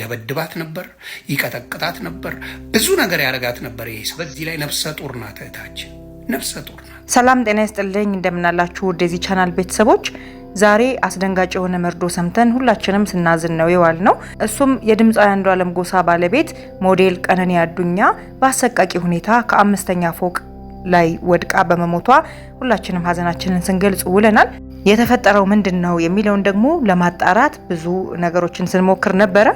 ይደበድባት ነበር፣ ይቀጠቅጣት ነበር፣ ብዙ ነገር ያደርጋት ነበር። ይሄ በዚህ ላይ ነፍሰ ጡር ናት እህታችን፣ ነፍሰ ጡር ናት። ሰላም ጤና ይስጥልኝ፣ እንደምናላችሁ ውድ ቻናል ቤተሰቦች ዛሬ አስደንጋጭ የሆነ መርዶ ሰምተን ሁላችንም ስናዝን ነው የዋል ነው። እሱም የድምፃዊ አንዷለም ጎሳ ባለቤት ሞዴል ቀነኒ አዱኛ በአሰቃቂ ሁኔታ ከአምስተኛ ፎቅ ላይ ወድቃ በመሞቷ ሁላችንም ሀዘናችንን ስንገልጽ ውለናል። የተፈጠረው ምንድን ነው የሚለውን ደግሞ ለማጣራት ብዙ ነገሮችን ስንሞክር ነበረ።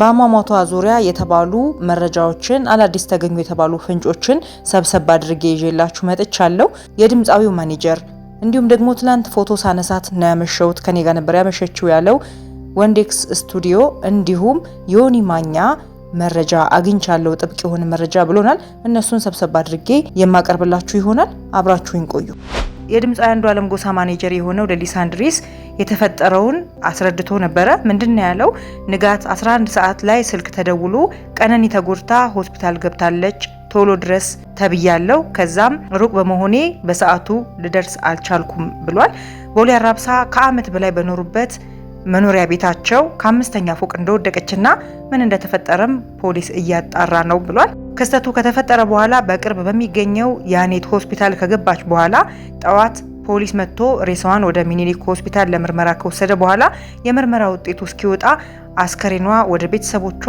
በአሟሟቷ ዙሪያ የተባሉ መረጃዎችን፣ አዳዲስ ተገኙ የተባሉ ፍንጮችን ሰብሰብ አድርጌ ይዤላችሁ መጥቻለሁ። የድምፃዊው ማኔጀር እንዲሁም ደግሞ ትላንት ፎቶ ሳነሳት ነው ያመሸሁት፣ ከኔ ጋር ነበር ያመሸችው ያለው ወንዴክስ ስቱዲዮ እንዲሁም ዮኒ ማኛ መረጃ አግኝቻለሁ፣ ጥብቅ የሆነ መረጃ ብሎናል። እነሱን ሰብሰብ አድርጌ የማቀርብላችሁ ይሆናል። አብራችሁኝ ቆዩ። የድምፃዊ አለም ጎሳ ማኔጀር የሆነው ለሊሳንድሪስ የተፈጠረውን አስረድቶ ነበረ። ምንድን ያለው? ንጋት 11 ሰዓት ላይ ስልክ ተደውሎ ቀነኒ ተጎድታ ሆስፒታል ገብታለች ቶሎ ድረስ ተብያለው። ከዛም ሩቅ በመሆኔ በሰዓቱ ልደርስ አልቻልኩም ብሏል። ቦሌ አራብሳ ከዓመት በላይ በኖሩበት መኖሪያ ቤታቸው ከአምስተኛ ፎቅ እንደወደቀችና ምን እንደተፈጠረም ፖሊስ እያጣራ ነው ብሏል። ክስተቱ ከተፈጠረ በኋላ በቅርብ በሚገኘው የአኔት ሆስፒታል ከገባች በኋላ ጠዋት ፖሊስ መጥቶ ሬሳዋን ወደ ሚኒሊክ ሆስፒታል ለምርመራ ከወሰደ በኋላ የምርመራ ውጤቱ እስኪወጣ አስከሬኗ ወደ ቤተሰቦቿ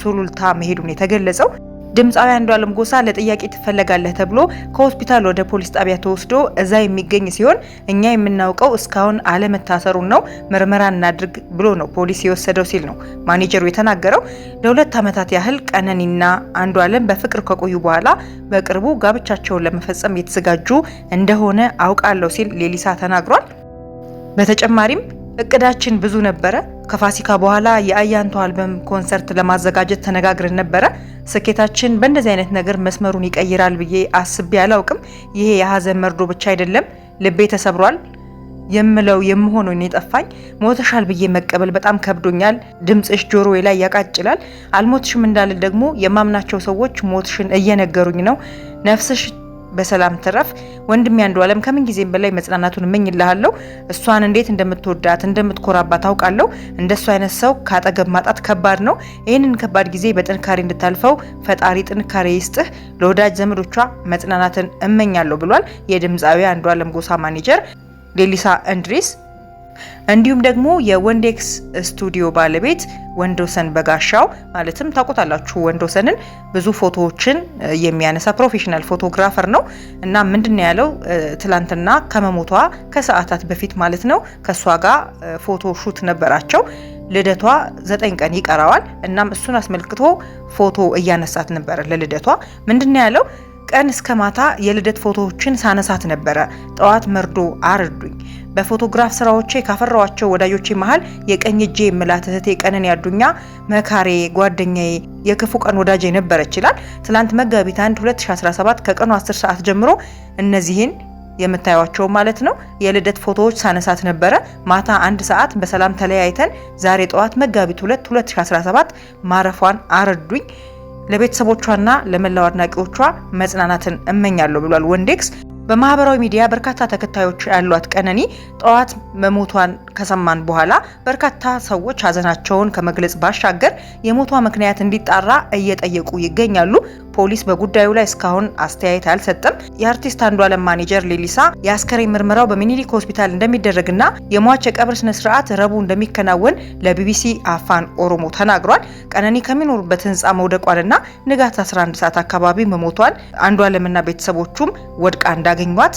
ሱሉልታ መሄዱን የተገለጸው ድምፃዊ አንዷለም ጎሳ ለጥያቄ ትፈለጋለህ ተብሎ ከሆስፒታል ወደ ፖሊስ ጣቢያ ተወስዶ እዛ የሚገኝ ሲሆን እኛ የምናውቀው እስካሁን አለመታሰሩን ነው። ምርመራ እናድርግ ብሎ ነው ፖሊስ የወሰደው ሲል ነው ማኔጀሩ የተናገረው። ለሁለት ዓመታት ያህል ቀነኒና አንዷለም በፍቅር ከቆዩ በኋላ በቅርቡ ጋብቻቸውን ለመፈጸም የተዘጋጁ እንደሆነ አውቃለሁ ሲል ሌሊሳ ተናግሯል። በተጨማሪም እቅዳችን ብዙ ነበረ ከፋሲካ በኋላ የአያንቱ አልበም ኮንሰርት ለማዘጋጀት ተነጋግረን ነበረ። ስኬታችን በእንደዚህ አይነት ነገር መስመሩን ይቀይራል ብዬ አስቤ አላውቅም። ይሄ የሀዘን መርዶ ብቻ አይደለም፣ ልቤ ተሰብሯል። የምለው የምሆነው እኔ ሞተሻል ብዬ መቀበል በጣም ከብዶኛል። ድምፅሽ ጆሮዬ ላይ ያቃጭላል። አልሞትሽም እንዳልል ደግሞ የማምናቸው ሰዎች ሞትሽን እየነገሩኝ ነው። ነፍስሽ በሰላም ትረፍ ወንድሜ አንዱዓለም። ከምን ጊዜም በላይ መጽናናቱን እመኝልሃለሁ። እሷን እንዴት እንደምትወዳት እንደምትኮራባት ታውቃለሁ። እንደሱ አይነት ሰው ከአጠገብ ማጣት ከባድ ነው። ይህንን ከባድ ጊዜ በጥንካሬ እንድታልፈው ፈጣሪ ጥንካሬ ይስጥህ። ለወዳጅ ዘመዶቿ መጽናናትን እመኛለሁ ብሏል የድምፃዊ አለም ጎሳ ማኔጀር ሌሊሳ እንድሪስ። እንዲሁም ደግሞ የወንዴክስ ስቱዲዮ ባለቤት ወንዶሰን በጋሻው ማለትም ታውቁታላችሁ። ወንዶሰንን ብዙ ፎቶዎችን የሚያነሳ ፕሮፌሽናል ፎቶግራፈር ነው እና ምንድን ያለው ትላንትና ከመሞቷ ከሰዓታት በፊት ማለት ነው ከእሷ ጋር ፎቶ ሹት ነበራቸው። ልደቷ ዘጠኝ ቀን ይቀረዋል። እናም እሱን አስመልክቶ ፎቶ እያነሳት ነበረ ለልደቷ። ምንድን ያለው ቀን እስከ ማታ የልደት ፎቶዎችን ሳነሳት ነበረ። ጠዋት መርዶ አረዱኝ በፎቶግራፍ ስራዎቼ ካፈራዋቸው ወዳጆቼ መሀል የቀኝ እጄ የምላት እህቴ ቀነኒ አዱኛ መካሬ፣ ጓደኛዬ፣ የክፉ ቀን ወዳጄ ነበረች ይላል። ትላንት መጋቢት 1 2017 ከቀኑ 10 ሰዓት ጀምሮ እነዚህን የምታዩቸው ማለት ነው የልደት ፎቶዎች ሳነሳት ነበረ። ማታ አንድ ሰዓት በሰላም ተለያይተን ዛሬ ጠዋት መጋቢት 2 2017 ማረፏን አረዱኝ። ለቤተሰቦቿና ለመላው አድናቂዎቿ መጽናናትን እመኛለሁ ብሏል ወንዴክስ። በማህበራዊ ሚዲያ በርካታ ተከታዮች ያሏት ቀነኒ ጠዋት መሞቷን ከሰማን በኋላ በርካታ ሰዎች ሀዘናቸውን ከመግለጽ ባሻገር የሞቷ ምክንያት እንዲጣራ እየጠየቁ ይገኛሉ። ፖሊስ በጉዳዩ ላይ እስካሁን አስተያየት አልሰጠም። የአርቲስት አንዷለም ማኔጀር ሌሊሳ የአስከሬን ምርመራው በሚኒሊክ ሆስፒታል እንደሚደረግና የሟች የቀብር ስነ ስርዓት ረቡዕ እንደሚከናወን ለቢቢሲ አፋን ኦሮሞ ተናግሯል። ቀነኒ ከሚኖሩበት ህንፃ መውደቋንና ንጋት 11 ሰዓት አካባቢ መሞቷን አንዷለምና ቤተሰቦቹም ወድቃ እንዳገኟት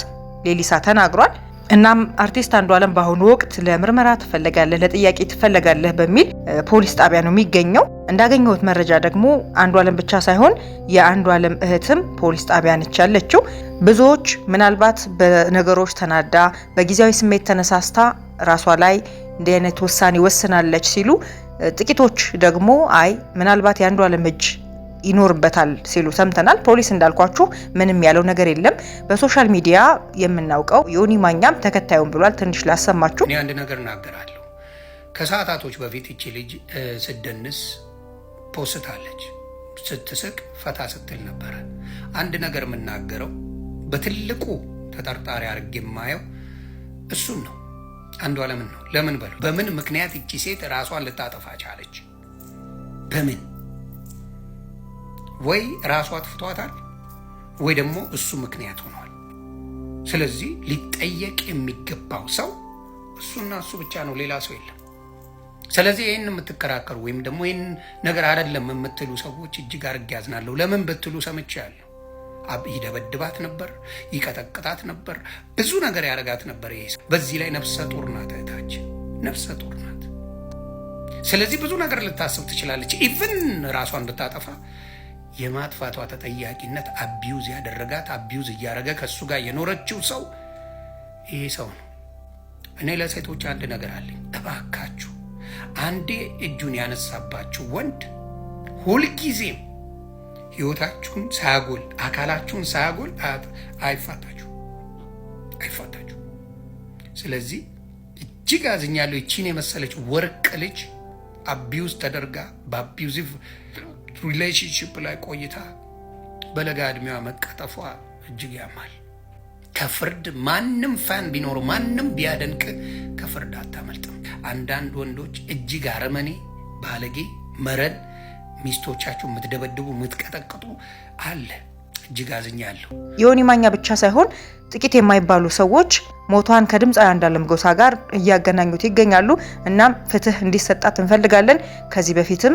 ሌሊሳ ተናግሯል። እናም አርቲስት አንዷለም በአሁኑ ወቅት ለምርመራ ትፈለጋለህ፣ ለጥያቄ ትፈለጋለህ በሚል ፖሊስ ጣቢያ ነው የሚገኘው። እንዳገኘሁት መረጃ ደግሞ አንዷለም ብቻ ሳይሆን የአንዷለም እህትም ፖሊስ ጣቢያ ነች ያለችው። ብዙዎች ምናልባት በነገሮች ተናዳ በጊዜያዊ ስሜት ተነሳስታ ራሷ ላይ እንዲህ አይነት ውሳኔ ወስናለች ሲሉ፣ ጥቂቶች ደግሞ አይ ምናልባት የአንዷለም እጅ ይኖርበታል ሲሉ ሰምተናል። ፖሊስ እንዳልኳችሁ ምንም ያለው ነገር የለም። በሶሻል ሚዲያ የምናውቀው ዮኒ ማኛም ተከታዩን ብሏል። ትንሽ ላሰማችሁ። እኔ አንድ ነገር እናገራለሁ። ከሰዓታቶች በፊት እቺ ልጅ ስደንስ ፖስታለች። ስትስቅ ፈታ ስትል ነበረ። አንድ ነገር የምናገረው በትልቁ ተጠርጣሪ አድርግ የማየው እሱን ነው። አንዷ ለምን ነው ለምን በሉ በምን ምክንያት እቺ ሴት ራሷን ልታጠፋ ቻለች? በምን ወይ ራሷ አጥፍቷታል ወይ ደግሞ እሱ ምክንያት ሆኗል። ስለዚህ ሊጠየቅ የሚገባው ሰው እሱና እሱ ብቻ ነው፣ ሌላ ሰው የለም። ስለዚህ ይህን የምትከራከሩ ወይም ደግሞ ይህን ነገር አይደለም የምትሉ ሰዎች እጅግ አድርጌ ያዝናለሁ። ለምን ብትሉ ሰምቻለሁ። ይደበድባት ነበር፣ ይቀጠቅጣት ነበር፣ ብዙ ነገር ያደርጋት ነበር። ይሄ በዚህ ላይ ነፍሰ ጡር ናት፣ እህታችን ነፍሰ ጡር ናት። ስለዚህ ብዙ ነገር ልታስብ ትችላለች። ኢቭን ራሷን ብታጠፋ የማጥፋቷ ተጠያቂነት አቢዩዝ ያደረጋት አቢዩዝ እያደረገ ከእሱ ጋር የኖረችው ሰው ይህ ሰው ነው። እኔ ለሴቶች አንድ ነገር አለኝ። እባካችሁ አንዴ እጁን ያነሳባችሁ ወንድ ሁልጊዜም ሕይወታችሁን ሳያጎል አካላችሁን ሳያጎል አይፋታችሁ አይፋታችሁ። ስለዚህ እጅግ አዝኛለሁ። ይቺን የመሰለች ወርቅ ልጅ አቢውዝ ተደርጋ በአቢውዚቭ ሪሌሽንሽፕ ላይ ቆይታ በለጋ እድሜዋ መቀጠፏ እጅግ ያማል። ከፍርድ ማንም ፋን ቢኖር ማንም ቢያደንቅ ከፍርድ አታመልጥም። አንዳንድ ወንዶች እጅግ አረመኔ፣ ባለጌ፣ መረን ሚስቶቻችሁ የምትደበድቡ የምትቀጠቅጡ አለ። እጅግ አዝኛለሁ። ዮኒ ማኛ ብቻ ሳይሆን ጥቂት የማይባሉ ሰዎች ሞቷን ከድምፃዊ አንዷለም ጎሳ ጋር እያገናኙት ይገኛሉ። እናም ፍትህ እንዲሰጣት እንፈልጋለን። ከዚህ በፊትም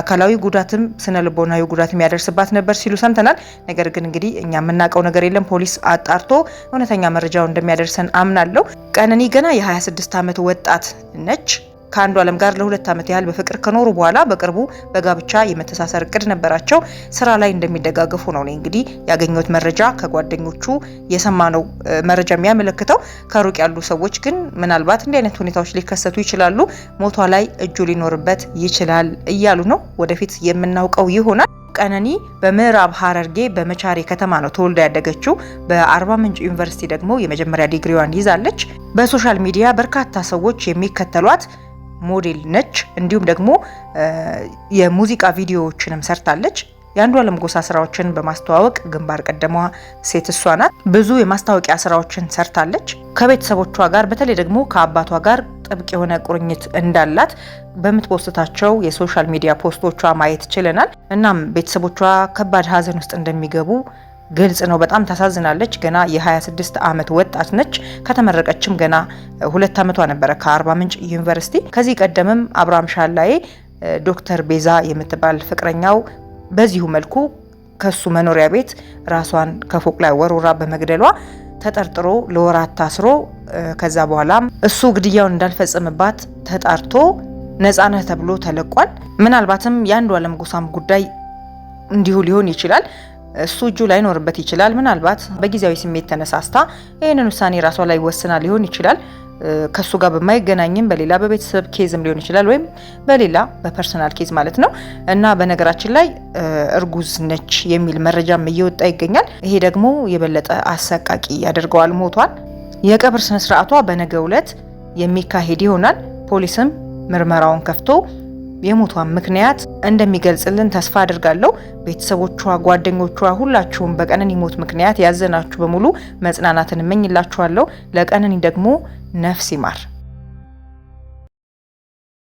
አካላዊ ጉዳትም ስነ ልቦናዊ ጉዳት የሚያደርስባት ነበር ሲሉ ሰምተናል። ነገር ግን እንግዲህ እኛ የምናውቀው ነገር የለም። ፖሊስ አጣርቶ እውነተኛ መረጃው እንደሚያደርሰን አምናለሁ። ቀነኒ ገና የ26 ዓመት ወጣት ነች። ከአንዱ ዓለም ጋር ለሁለት ዓመት ያህል በፍቅር ከኖሩ በኋላ በቅርቡ በጋብቻ የመተሳሰር እቅድ ነበራቸው። ስራ ላይ እንደሚደጋገፉ ነው እንግዲህ ያገኘሁት መረጃ ከጓደኞቹ የሰማነው መረጃ የሚያመለክተው። ከሩቅ ያሉ ሰዎች ግን ምናልባት እንዲህ አይነት ሁኔታዎች ሊከሰቱ ይችላሉ፣ ሞቷ ላይ እጁ ሊኖርበት ይችላል እያሉ ነው። ወደፊት የምናውቀው ይሆናል። ቀነኒ በምዕራብ ሀረርጌ በመቻሬ ከተማ ነው ተወልዳ ያደገችው። በአርባ ምንጭ ዩኒቨርሲቲ ደግሞ የመጀመሪያ ዲግሪዋን ይዛለች። በሶሻል ሚዲያ በርካታ ሰዎች የሚከተሏት ሞዴል ነች። እንዲሁም ደግሞ የሙዚቃ ቪዲዮዎችንም ሰርታለች። አለም ጎሳ ስራዎችን በማስተዋወቅ ግንባር ቀደሟ ሴት እሷ ናት። ብዙ የማስታወቂያ ስራዎችን ሰርታለች። ከቤተሰቦቿ ጋር በተለይ ደግሞ ከአባቷ ጋር ጥብቅ የሆነ ቁርኝት እንዳላት በምትፖስታቸው የሶሻል ሚዲያ ፖስቶቿ ማየት ችለናል። እናም ቤተሰቦቿ ከባድ ሀዘን ውስጥ እንደሚገቡ ግልጽ ነው። በጣም ታሳዝናለች። ገና የ26 ዓመት ወጣት ነች። ከተመረቀችም ገና ሁለት ዓመቷ ነበረ ከአርባ ምንጭ ዩኒቨርሲቲ። ከዚህ ቀደምም አብርሃም ሻላዬ ዶክተር ቤዛ የምትባል ፍቅረኛው በዚሁ መልኩ ከሱ መኖሪያ ቤት ራሷን ከፎቅ ላይ ወርውራ በመግደሏ ተጠርጥሮ ለወራት ታስሮ ከዛ በኋላም እሱ ግድያውን እንዳልፈጸምባት ተጣርቶ ነፃ ነህ ተብሎ ተለቋል። ምናልባትም የአንዱ አለም ጎሳም ጉዳይ እንዲሁ ሊሆን ይችላል። እሱ እጁ ላይኖርበት ይችላል። ምናልባት በጊዜያዊ ስሜት ተነሳስታ ይህንን ውሳኔ ራሷ ላይ ወስና ሊሆን ይችላል። ከሱ ጋር በማይገናኝም በሌላ በቤተሰብ ኬዝም ሊሆን ይችላል፣ ወይም በሌላ በፐርሰናል ኬዝ ማለት ነው። እና በነገራችን ላይ እርጉዝ ነች የሚል መረጃም እየወጣ ይገኛል። ይሄ ደግሞ የበለጠ አሰቃቂ ያደርገዋል ሞቷል። የቀብር ስነስርዓቷ በነገ ዕለት የሚካሄድ ይሆናል። ፖሊስም ምርመራውን ከፍቶ የሞቷን ምክንያት እንደሚገልጽልን ተስፋ አድርጋለሁ። ቤተሰቦቿ፣ ጓደኞቿ፣ ሁላችሁም በቀነኒ ሞት ምክንያት ያዘናችሁ በሙሉ መጽናናትን እመኝላችኋለሁ። ለቀነኒ ደግሞ ነፍስ ይማር።